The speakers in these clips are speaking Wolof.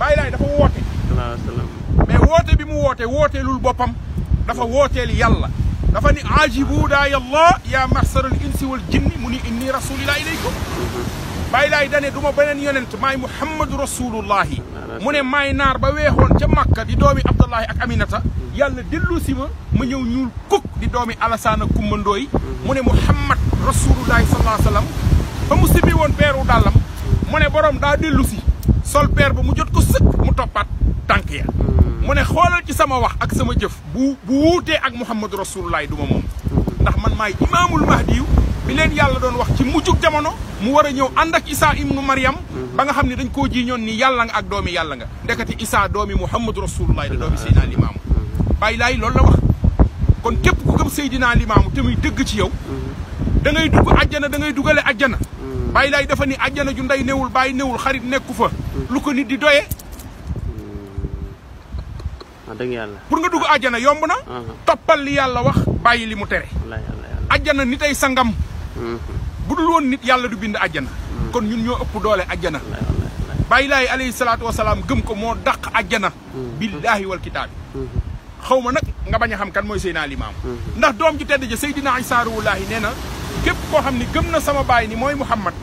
bàyyi laay dafa woote mais woote bi mu woote wooteelul boppam dafa wooteel yàlla dafa ni ajibu daa yàlla yaa mahsar al insi wal jinni mu ni inni rasulillah ilaykum bàyyi laay dane du ma beneen yonent maay muhammadu rasulullahi mu ne maay naar ba weexoon ca makka di doomi abdullahi ak aminata yàlla dellu si ma ma ñëw ñuul kuk di doomi alasaana kummandooy mu ne muhammad rasulullahi sallallahu alayhi wa sallam ba mu simbi woon peeru dàllam mu ne borom daa dellu si sol peer ba mu jot ko sëkk mu toppaat tànk ya hmm. mu ne xoolal ci sama wax ak sama jëf bu bu wuutee ak Muhammadu Rasulullah du ma moom hmm. ndax man maay imaamul mahdiyu bi leen yàlla doon wax ci mujjug jamono mu war a ñëw ànd ak im ibnu Maryam hmm. ba nga xam ne dañ koo jiiñoon ni yàlla nga ak doomi yàlla nga ndekati Isaa doomi Muhammadu Rasulullah da doomi Seydina Limaamu bàyyi laay loolu la wax kon képp ku gëm Seydina Limaamu te muy dëgg ci yow da ngay dugg àjjana da ngay dugale àjjana bàyyi laay dafa ni àjjana ju ndey newul bàyyi newul xarit nekku fa lu ko nit di doye eh? hmm. adeng yalla pour nga dug aljana yomb na topal li yalla wax bayyi li mu téré lah, lah, lah, aljana nitay sangam budul hmm. won nit yalla du bind aljana hmm. kon ñun ñoo upp doole aljana bayilahi alayhi salatu wassalam gëm ko mo dakk aljana billahi wal kitab xawma nak nga baña xam kan moy sayyidina imam ndax dom ju tedd je sayyidina isaru lahi neena kep ko xamni gëm na sama bayyi ni moy muhammad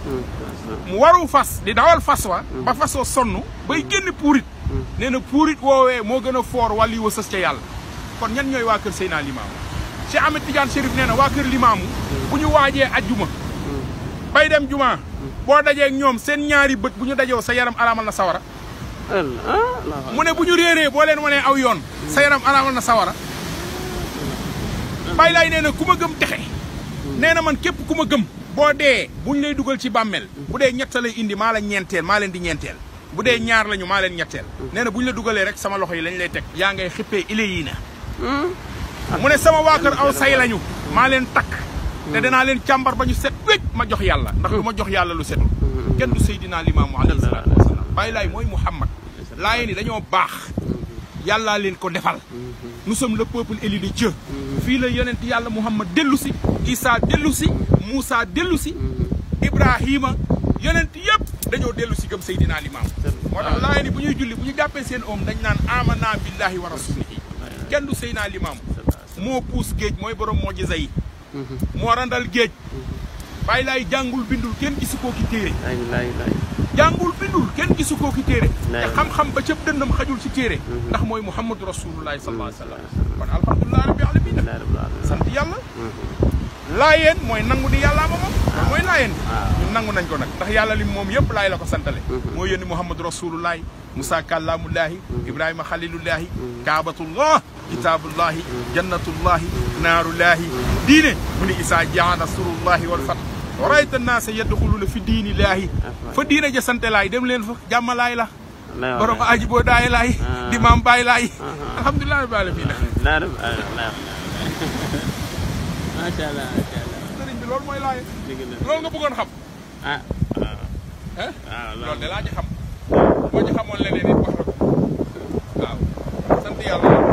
mu waru fas di dawal fas wa mm. ba fasoo sonn bay génn puurit mm. nee na puurit woowee moo gën a foor wàlli wa sës ca yàlla kon ñan ñooy waa kër Seydina Limaamu Cheikh Ahmed Tidiane Chérif nee waa kër Limaamu mm. bu ñu waajee juma bay dem juma boo dajeek ñoom seen ñaari bët bu ñu dajoo sa yaram alaamal na sawara ah, mu ne bu ñu réeree boo leen wanee aw yoon sa yaram alaamal na sawara bay laay nee na ku ma gëm texe nee na man képp ku ma gëm boo dee ñu lay dugal ci bàmmeel bu dee ñett lay indi maa la ñeenteel maa leen di ñeenteel bu dee ñaar lañu maa leen ñetteel nee bu ñu la dugalee rek sama loxo yi lañu lay teg yaa ngay xippee ile yii na hmm? mu ne sama waa kër aw say lañu maa leen takk te danaa leen càmbar ba ñu set wécc ma jox yàlla ndax du ma jox yàlla lu setul kenn du Seydina Limaamu alayhi salaatu wasalaam bàyyi laay mooy Muhammad laaye ni dañoo baax yàllaa leen ko defal nous sommes le peuple élu de Dieu fii la yonent yàlla dellu si Isaa dellu si Moussa dellu si Ibrahima yonent yëpp dañoo dellu si gëm Seydina Limaam moo tax laa ni bu ñuy julli bu ñu jàppee seen oom dañ naan amana billahi wa rasulihi kenn du Seydina Limaam moo puus géej mooy borom moo jisa yi moo randal géej bàyyi laay jàngul bindul kenn gisu koo ki téere jàngul bindul kenn gisu koo ki téere te xam-xam ba cëb dëndam xajul ci téere mhm. ndax mooy Muhammadu rasulullahi sallallahu alayhi wa sallam mhm. kon alhamdulilah rabbi alamin sant yàlla mhm. laayeen mooy nangu di yàllaa moom ah. mooy laayeen ah. ñun nangu nañ ko nag ndax yàlla li moom yëpp laay la ko santale mm-hmm. moo yónni muhammadu rasululaahi musa kàllaamullaahi mm-hmm. ibrahima xalilullaahi mm-hmm. kaabatullah kitaabullaahi jannatullaahi naarullaahi diine mu ni isaa jaa nasrullaahi wal fath wa rayta naasa yadxuluuna fi diini laahi ah, fa diine ja sante laay dem leen fa jàmma laay la borom aji boo daay laay di maam baay laay macha allah macha allah. loolu mooy la loolu nga bëggoon xam. ah waaw. ah loolu de laa ci xam. boo ci leneen it wax